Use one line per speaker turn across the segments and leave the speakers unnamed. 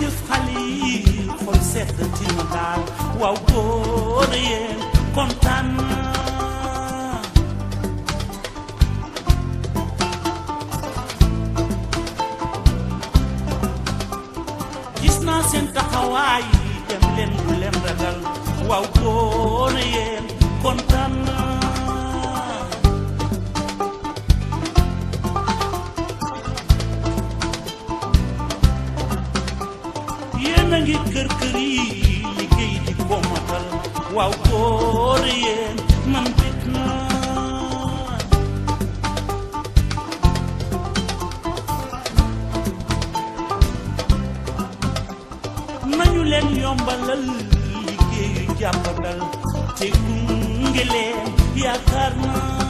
jëf xale yi xol sedd tina daal waaw góor yéen kontaan gis naa seen taxawaay dem leen bu leen ragal waaw góor yéen kontaan gi kërkëri liggéey di ko matal waaw góor yéen man bég naa nañu leen yombalal liggéeyu jàppandal te gunge leen yaakaar naa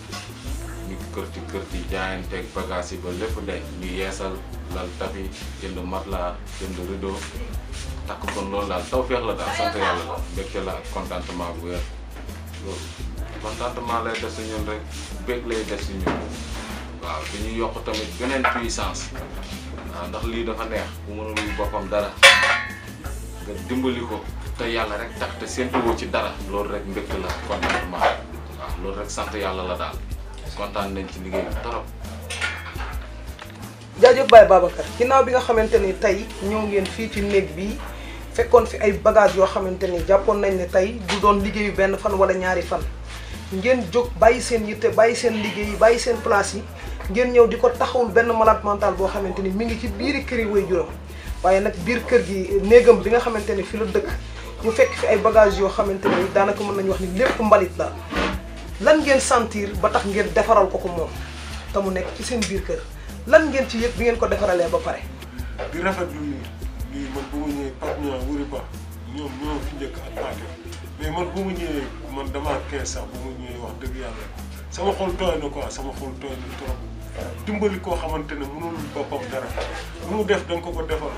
kerti kërti tek bagage yi ba lepp de ñu yeesal lal tapi jënd matelas jënd rideau takk kon loolu taw tawfeex la daal sante yalla la mbégte la contentement bu wér loolu contentement lay def si ñun rek bekk lay def si ñun waaw dañuy yokk tamit beneen kan puissance ndax li dafa neex bu mënul bopam dara nga dimbali ko te yalla rek tax te séntuwoo ci dara lool rek mbekk la contentement waaw loolu rek sante yalla la dal kontaan nañ ci liggéey bi trop.
jaajëf Baye Babacar ginnaaw bi nga xamante ni tey ñëw ngeen fii ci néeg bi fekkoon fi ay bagages yoo xamante ni jàppoon nañ ne tey du doon liggéeyu benn fan wala ñaari fan ngeen jóg bàyyi seen te bàyyi seen liggéey bàyyi seen place yi ngeen ñëw di ko taxawul benn malade mental boo xamante ni mi ngi ci biiri kër yi way juróom waaye nag biir kër gi néegam bi nga xamante ni fi la dëkk mu fekk fi ay bagages yoo xamante ni daanaka mën nañu wax ni lépp mbalit lan ngeen sentir ba tax ngeen defaral ko ko mom te mu ci seen biir kër lan ngeen ci yëg bi ngeen ko défaralé ba pare.
di rafetlu ni lii man bu ñëw ñëwee partenaire wuri ba ñoom ñoo fi njëkk ak Pathé mais man bu mu ñëw man dama ké sax bu mu ñëw wax dëgg yalla sama xol toy na quoi sama xol toy na trop. dimbali ko xamantene mënul bopam dara mu def dang ko ko ko defal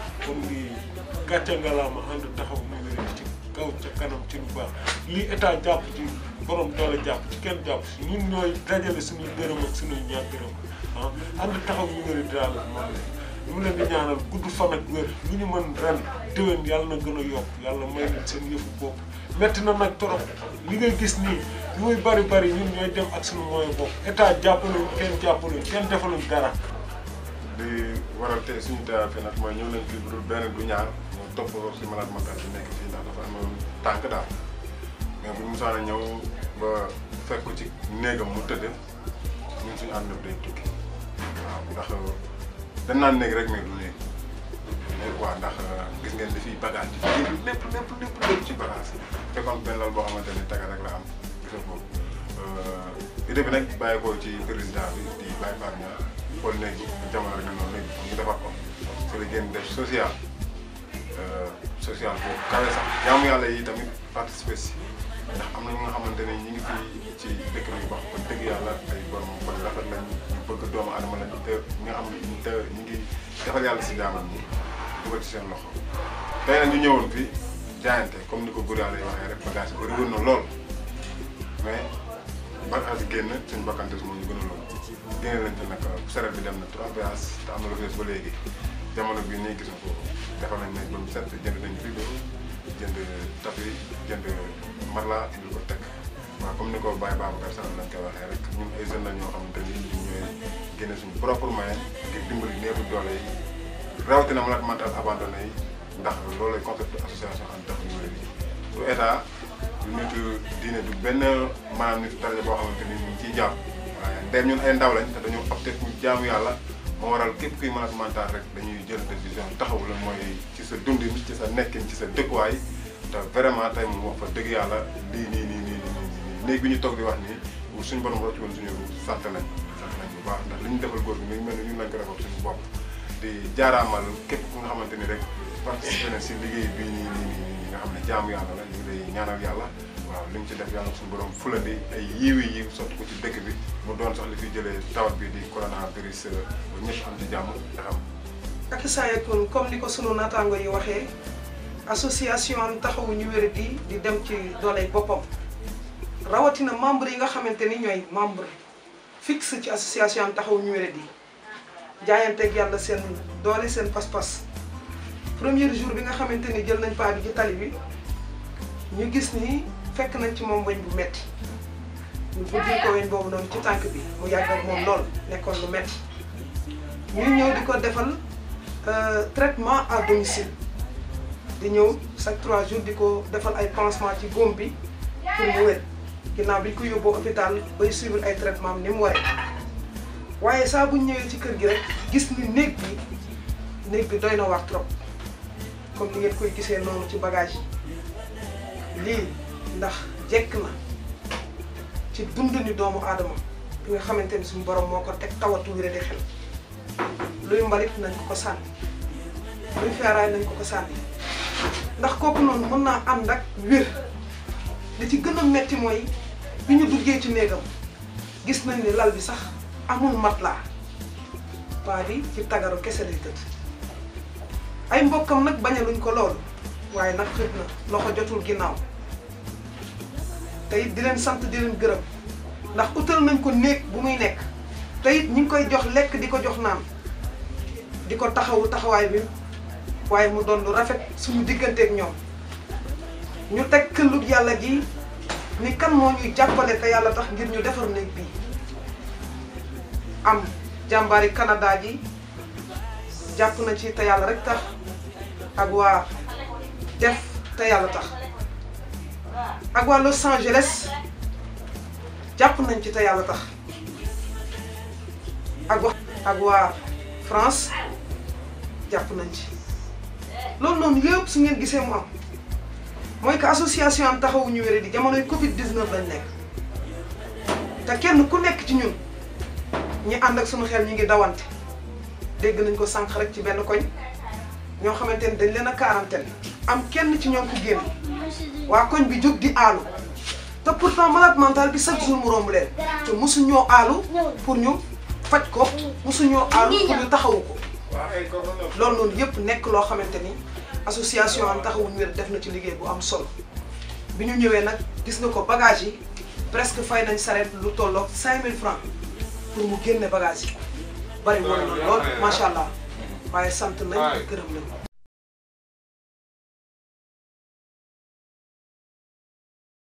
gatcha nga la ma ànd taxaw mu ci kaw ci kanam ci lu baax li état japp ci. borom doole jàpp kenn jàpp ñun ñooy dajale suñu dërëm ak suñuy ñaar dërëm ah, taxaw ñu gudd fan ak wér lu ñu na gën a yàlla may leen yëfu bopp metti na nag trop li ngay gis nii lu muy bari bari ñun ñooy dem ak suñu moyen bopp état jàppaluñ kenn jàppaluñ kenn defaluñ dara di waral tey suñu teewaat fi nag mooy ñëw nañ fii bu benn du ñaar ñoo topp si malade mental bi nekk fii ndax dafa amoon tànk daal mais bu ñu musaan a ñëw ba fekk ko ci néegam mu tëdd ñun suñu ànd day tukki waaw ndax dañ naan néeg rek mais du néeg néeg quoi ndax gis ngeen dafay bagage ci biir lépp lépp lépp lépp ci bagage te kon benn lal boo xamante ni taga rek la am gis nga ko euh, idée bi nag bàyyi ko ci président bi di bàyyi baat ñaar xool néeg jamono rek noonu léegi ñu defar ko su la génn def social euh, social boobu kawe sax jaamu yàlla yi tamit participer si ndax am na ñi nga xamante ne ñi ngi fii ci dëkk bi wax ba dëgg yàlla ay borom xol rafet nañ ñu bëgg doomu adama lañu te ñi nga xam ne te ñi ngi defal yàlla si jaamam ñi dugal ci seen loxo tey nag ñu ñëwoon fi jaayante comme ni ko góor yàlla yi waxee rek bagage bëri woon na lool mais bagage génn suñ bakkantes moo ñu gën a lool génne lañ te nag saret bi dem na trois péage te am na lu fees ba léegi jamono bi nii gis na ko defal nañ ne ba mu set jënd nañ frigo jënd tapis jënd man laa indi ko teg waaw comme ni ko Baye Babacar Sall lañ koy waxee rek ñun ay jeunes la ñoo xamante ni ñun ñooy génne suñu propre moyen ngir dimbali néew doole yi rawatina malade mental abandonné yi ndax loolu lay concept association am tax ñu du état du nitu diine boo xamante ni ñu ngi ciy jàpp waaye ndem ñun ay ndaw lañ te dañoo opté pour jaamu yàlla moo waral képp kuy malade mental rek dañuy jël décision taxawu la mooy ci sa dundin ci sa nekkin ci sa dëkkuwaay te vraiment tey moom wax fa dëgg yàlla lii nii nii nii nii néeg bi ñu toog di wax nii suñu borom rocc woon suñu sant nañ sant nañ bu baax ndax li ñu defal góor gi mi ngi mel ni ñu lañ ko defal suñu bopp di jaaraamal képp ku nga xamante ni rek participé na si liggéey bii nii nii nii nga xam ne jaamu yàlla la ñu ngi lay ñaanal yàlla waaw li ñu ci def yàlla suñu borom fulandi ay yiiwi yi sotti ko ci dëkk bi mu doon sax li fi jëlee tawat bi di coronavirus ba ñëpp am ci jàmm nga xam
ak saa yeeg comme ni ko sunu naataango yi waxee association taxawu taxawuñu wéradi di dem ci yi boppam rawatina membre yi nga xamante ni ñooy membre fixe ci association taxawu ñu wéradi jaayanteeg yàlla seen doole seen pas-pas première jour bi nga xamante ni jël nañ paa bi ci tali bi ñu gis ni fekk nañ ci moom weñ bu metti ñu buddi ko weñ boobu noonu ci tànk bi mu yàgg moom lool nekkoon lu metti ñu ñëw di ko defal euh, traitement à domicile di ñëw chaque trois jours di ko defal ay pansement ci góom bi pour mu wér ginnaaw bi ñu ko yóbboo hôpital bay suivre ay traitement ni mu waree waaye saa bu ñëwee ci kër gi rek gis ni néeg bi néeg bi doy na wax trop comme ni nga koy gisee noonu ci bagage lii ndax jekk na ci dund ni doomu aadama bi nga xamante ni suñu borom moo ko teg tawatu wéré di xel luy mbalit nañ ko ko sànni buñ feeraay nañ ko ko sànni ndax kooku noonu mën naa ànd ak wér li ci gën a metti mooy bi ñu duggee ci néegam gis nañ ni lal bi sax amul la paa bi ci tagaro kese lay tëdd ay mbokkam nag bañaluñ ko loolu waaye nag xëj na loxo jotul ginnaaw te di leen sant di leen gërëm ndax utal nañ ko néeg bu muy nekk te ñu ngi koy jox lekk di ko jox naan di ko taxawu taxawaay bi waaye mu doon lu rafet suñu digganteeg ñoom ñu teg këllug yàlla gi ni kan moo ñuy jàppale te yàlla tax ngir ñu defar néeg bi am jàmbaari Canada ji jàpp na ci te yàlla rek tax ak def te yàlla tax ak Los Angeles jàpp nañ ci te yàlla tax ak waa France jàpp nañ ci loolu noonu lépp su ngeen gisee mu am moy ka association am taxawu ñu wéré di jamono Covid 19 lañ nek ta kenn ku nek ci ñun ñi and ak suñu xel ñi ngi dawante dégg nañ ko sank rek ci benn koñ ño xamante dañ leena quarantaine am kenn ci ñom ku génn wa koñ bi jog di alu ta pourtant malade mental bi sax jour mu romb leen te musu ñoo alu pour ñu fajj ko musu ñoo alu pour ñu taxawu ko. loolu noonu yëpp nekk loo xamante ni association am taxawuñu wér def na ci liggéey bu am solo bi ñu ñëwee nag gis nga ko bagage yi presque fay nañ sareet lu tolloog 5000 francs pour mu génne bagage yi bari woon lool macha allah
waaye sant nañ gërëm nañ